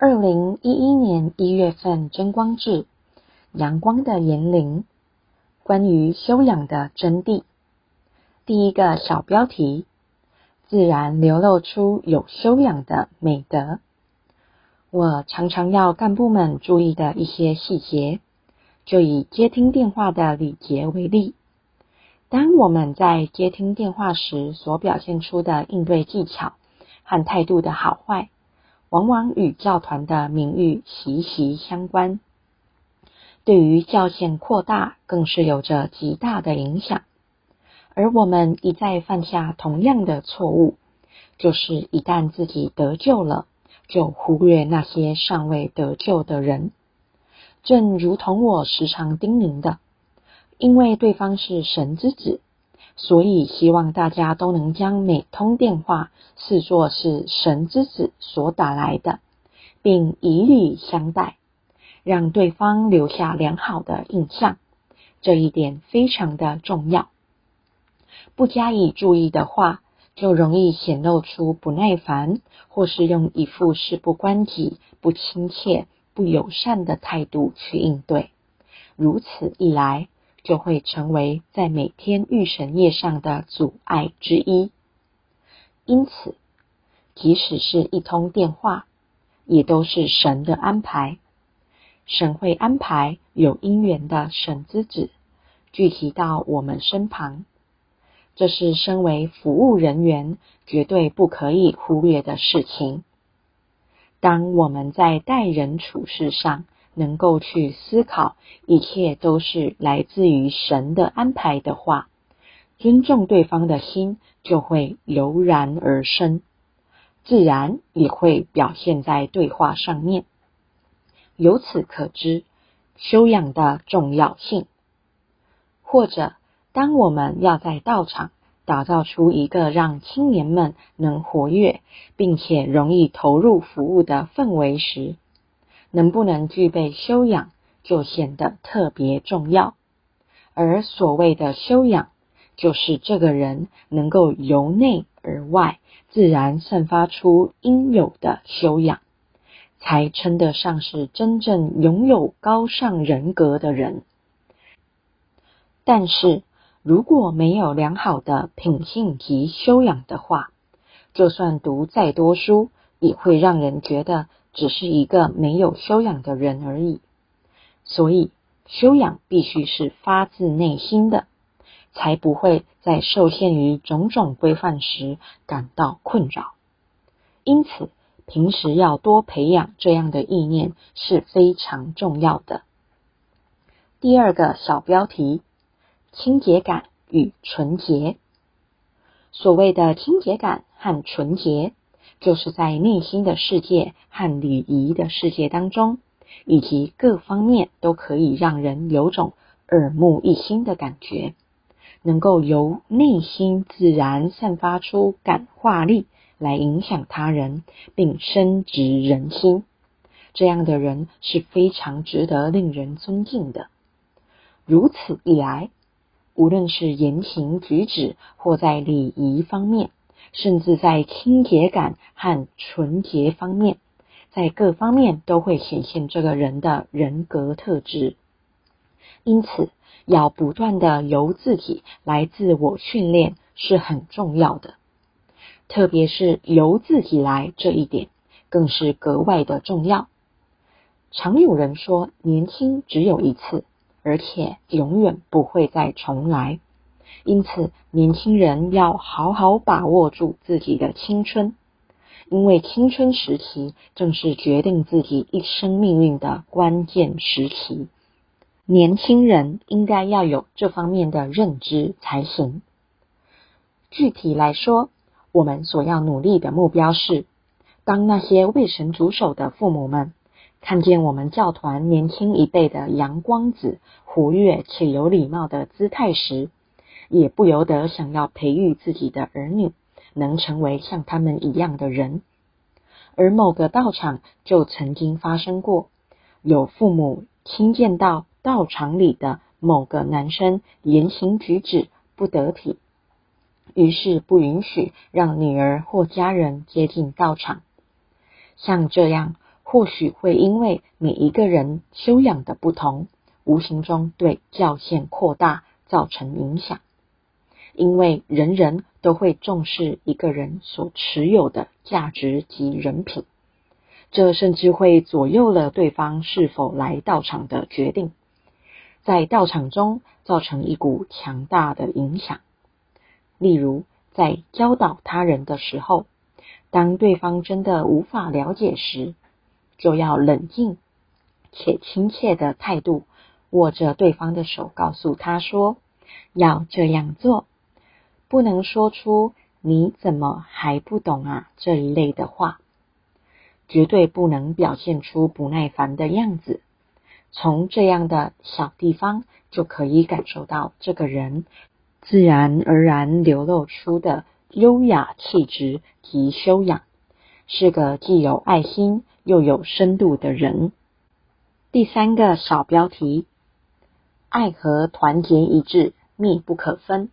二零一一年一月份，真光誌，《陽光的言靈》，關於修養的真諦。第一個小標題，自然流露出有修養的美德。我常常要幹部們注意的一些細節，就以接聽電話的禮節為例。當我們在接聽電話時，所表現出的應對技巧和態度的好壞，往往與教團的名譽息息相關，對於教線擴大更是有着極大的影響。而我們一再犯下同樣的錯誤，就是一旦自己得救了，就忽略那些尚未得救的人。正如同我時常叮嚀的，因為對方是神之子。所以，希望大家都能將每通電話視作是神之子所打來的，並以禮相待，讓對方留下良好的印象。這一點非常的重要。不加以注意的話，就容易顯露出不耐煩，或是用一副事不關己、不親切、不友善的態度去應對。如此一來，就會成為在每天御神業上的阻礙之一。因此，即使是一通電話，也都是神的安排。神會安排有因緣的神之子聚集到我們身旁，這是身為服務人員絕對不可以忽略的事情。當我們在待人處事上，能夠去思考一切都是來自於神的安排的話，尊重對方的心就會油然而生，自然也會表現在對話上面。由此可知，修養的重要性。或者，當我們要在道場打造出一個讓青年們能活躍並且容易投入服務的氛圍時，能不能具備修養，就顯得特別重要。而所謂的修養，就是這個人能夠由內而外，自然散發出應有的修養，才稱得上是真正擁有高尚人格的人。但是，如果沒有良好的品性及修養的話，就算讀再多書，也會讓人覺得。只是一個沒有修養的人而已，所以修養必須是發自內心的，才不會在受限於種種規範時感到困擾。因此，平時要多培養這樣的意念是非常重要的。第二個小標題：清潔感與純潔。所謂的清潔感和純潔，就是在內心的世界和禮儀的世界當中，以及各方面都可以讓人有種耳目一新的感覺，能夠由內心自然散發出感化力來影響他人，並深植人心。這樣的人是非常值得令人尊敬的。如此一來，無論是言行舉止或在禮儀方面，甚至在清潔感和純潔方面，在各方面都會顯現這個人的人格特質。因此，要不斷地由自己來自我訓練是很重要的，特別是由自己來這一點，更是格外的重要。常有人說，年輕只有一次，而且永遠不會再重來。因此，年輕人要好好把握住自己的青春，因為青春時期正是決定自己一生命運的關鍵時期。年輕人應該要有這方面的認知才行。具體來說，我們所要努力的目標是：當那些未曾主守的父母們看見我們教團年輕一輩的陽光子、活躍且有禮貌的姿態時，也不由得想要培育自己的兒女能成為像他們一樣的人，而某個道場就曾經發生過，有父母親見到道場裡的某個男生言行舉止不得體，於是不允許讓女兒或家人接近道場。像這樣，或許會因為每一個人修養的不同，無形中對教線擴大造成影響。因為人人都會重視一個人所持有的價值及人品，這甚至會左右了對方是否來道場的決定，在道場中造成一股強大的影響。例如在教導他人的時候，當對方真的無法了解時，就要冷靜且親切的態度，握着對方的手，告訴他說要這樣做。不能說出“你怎麼還不懂啊”這一類的話，絕對不能表現出不耐煩的樣子。從這樣的小地方就可以感受到這個人自然而然流露出的優雅氣質及修養，是個既有愛心又有深度的人。第三個小標題：愛和團結一致密不可分。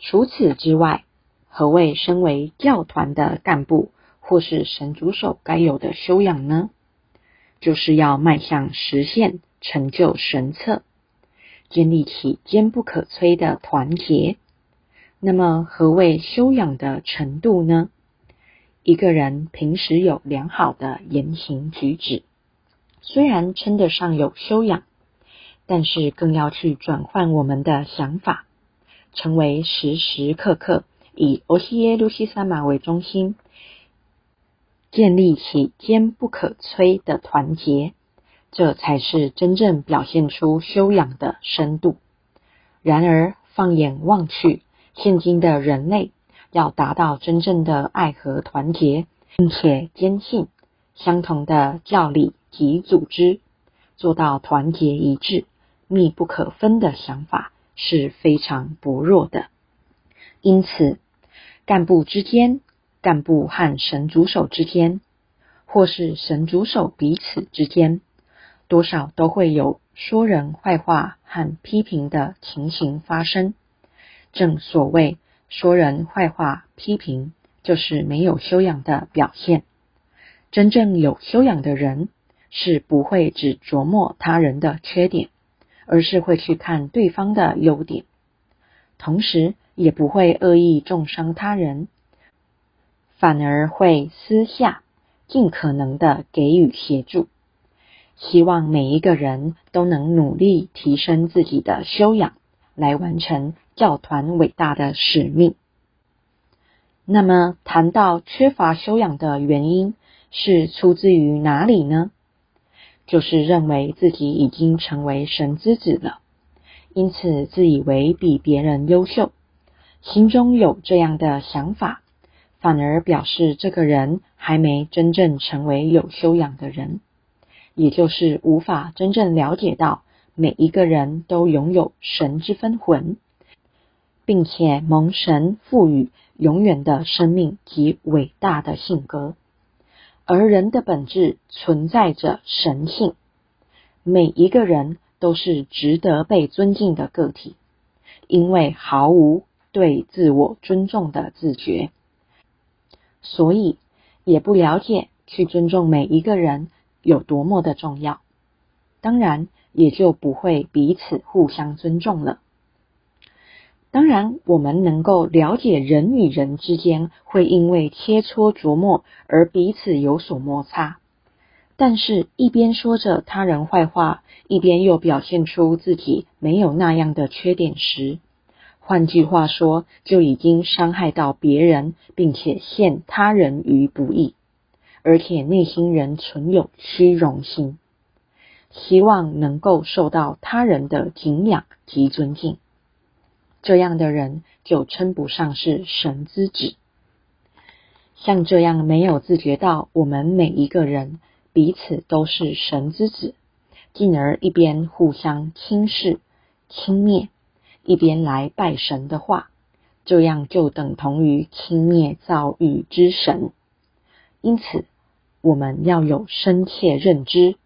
除此之外，何謂身為教團的幹部或是神主手該有的修養呢？就是要邁向實現成就神策，建立起堅不可摧的團結。那麼，何謂修養的程度呢？一個人平時有良好的言行舉止，雖然稱得上有修養，但是更要去轉換我們的想法。成為時時刻刻以歐西耶路西薩瑪為中心，建立起堅不可摧的團結，這才是真正表現出修養的深度。然而，放眼望去，現今的人類要達到真正的愛和團結，並且堅信相同的教理及組織，做到團結一致、密不可分的想法。是非常薄弱的，因此幹部之間、幹部和神主手之間，或是神主手彼此之間，多少都會有說人壞話和批評的情形發生。正所謂說人壞話、批評，就是沒有修養的表現。真正有修養的人，是不會只琢磨他人的缺點。而是會去看對方的優點，同時也不會惡意中傷他人，反而會私下盡可能的給予協助，希望每一個人都能努力提升自己的修養，來完成教團偉大的使命。那麼，談到缺乏修養的原因是出自於哪裡呢？就是認為自己已經成為神之子了，因此自以為比別人優秀，心中有這樣的想法，反而表示這個人還沒真正成為有修養的人，也就是無法真正了解到每一個人都擁有神之分魂，並且蒙神賦予永遠的生命及偉大的性格。而人的本質存在着神性，每一個人都是值得被尊敬的個體，因為毫無對自我尊重的自覺，所以也不了解去尊重每一個人有多麼的重要，當然也就不會彼此互相尊重了。當然，我們能夠了解人與人之間會因為切磋琢磨而彼此有所摩擦，但是，一邊說着他人壞話，一邊又表現出自己沒有那樣的缺點時，換句話說，就已經傷害到別人，並且陷他人於不義，而且內心仍存有虛榮心，希望能夠受到他人的敬仰及尊敬。這樣的人就稱不上是神之子。像這樣沒有自覺到我們每一個人彼此都是神之子，進而一邊互相輕視、輕蔑，一邊來拜神的話，這樣就等同於輕蔑造物之神。因此，我們要有深切認知，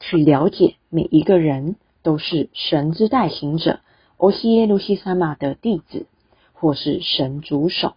去了解每一個人都是神之代行者。歐西耶路悉三瑪的弟子，或是神組手，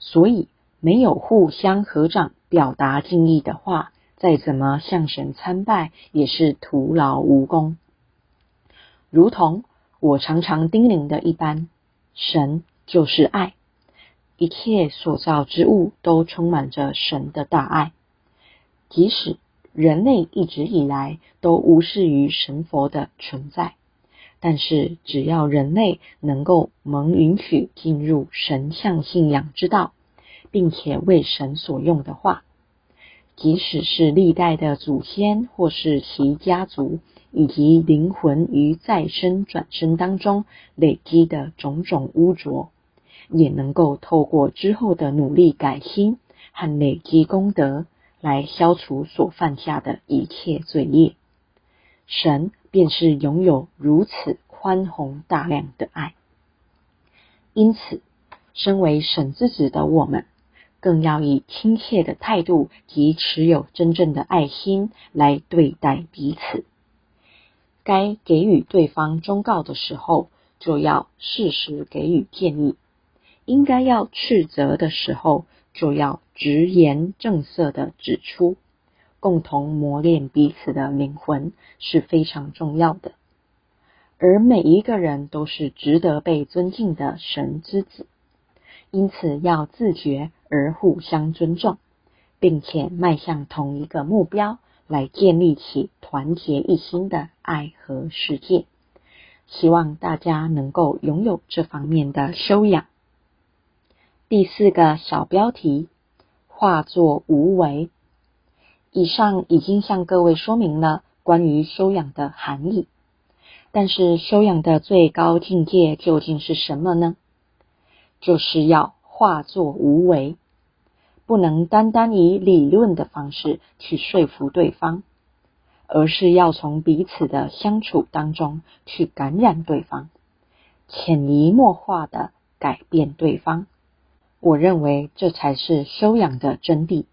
所以沒有互相合掌表達敬意的話，再怎麼向神參拜也是徒勞無功。如同我常常叮嚀的一般，神就是愛，一切所造之物都充滿着神的大愛，即使人類一直以來都無視於神佛的存在。但是，只要人類能夠蒙允許進入神像信仰之道，並且為神所用的話，即使是歷代的祖先或是其家族以及靈魂於再生轉生當中累積的種種污濁，也能夠透過之後的努力改心和累積功德來消除所犯下的一切罪孽。神，便是擁有如此寬宏大量的愛，因此，身為神之子的我們，更要以親切的態度及持有真正的愛心來對待彼此。該給予對方忠告的時候，就要適時給予建議；應該要斥責的時候，就要直言正色地指出。共同磨練彼此的靈魂是非常重要的，而每一個人都是值得被尊敬的神之子，因此要自覺而互相尊重，並且邁向同一個目標，來建立起團結一心的愛和世界。希望大家能夠擁有這方面的修養。第四個小標題：化做無為。以上已經向各位說明了關於修養的含義，但是修養的最高境界究竟是什麼呢？就是要化作無為，不能單單以理論的方式去說服對方，而是要從彼此的相處當中去感染對方，潛移默化的改變對方。我認為這才是修養的真諦。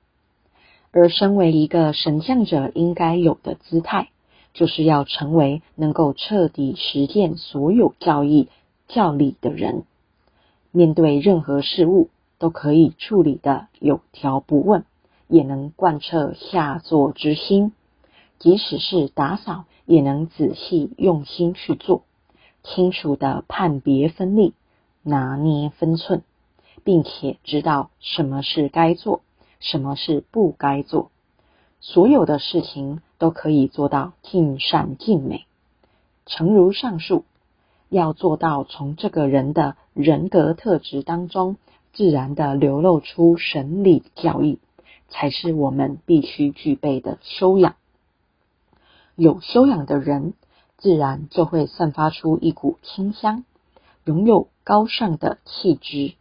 而身為一個神像者應該有的姿態，就是要成為能夠徹底實踐所有教義教理的人。面對任何事物都可以處理的有條不紊，也能貫徹下座之心。即使是打掃，也能仔細用心去做，清楚地判別分立，拿捏分寸，並且知道什麼是該做？什麼是不該做？所有的事情都可以做到盡善盡美。誠如上述，要做到從這個人的人格特質當中自然的流露出神理教義，才是我們必須具備的修養。有修養的人，自然就會散發出一股清香，擁有高尚的氣質，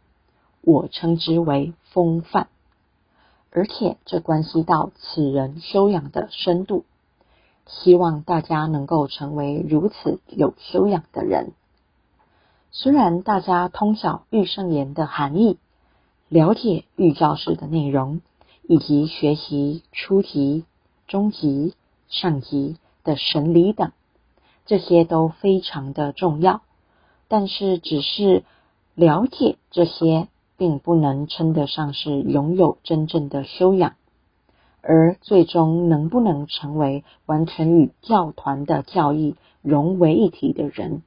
我稱之為風範。而且這關係到此人修養的深度，希望大家能夠成為如此有修養的人。雖然大家通曉《玉聖言》的含義，了解《玉教師》的內容，以及學習初級、中級、上級的神理等，這些都非常的重要，但是只是了解這些。並不能稱得上是擁有真正的修養，而最終能不能成為完全與教團的教義融為一體的人，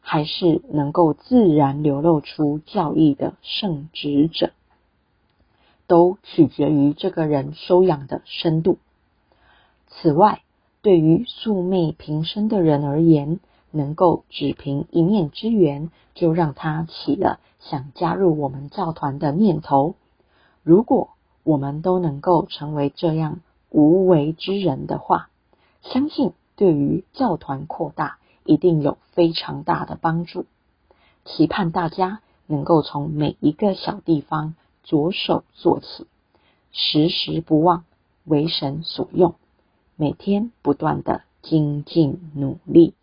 還是能夠自然流露出教義的聖職者，都取決於這個人修養的深度。此外，對於素昧平生的人而言，能夠只憑一面之緣，就讓他起了想加入我們教團的念頭。如果我們都能夠成為這樣無為之人的話，相信對於教團擴大一定有非常大的幫助。期盼大家能夠從每一個小地方着手做起，時時不忘為神所用，每天不斷的精進努力。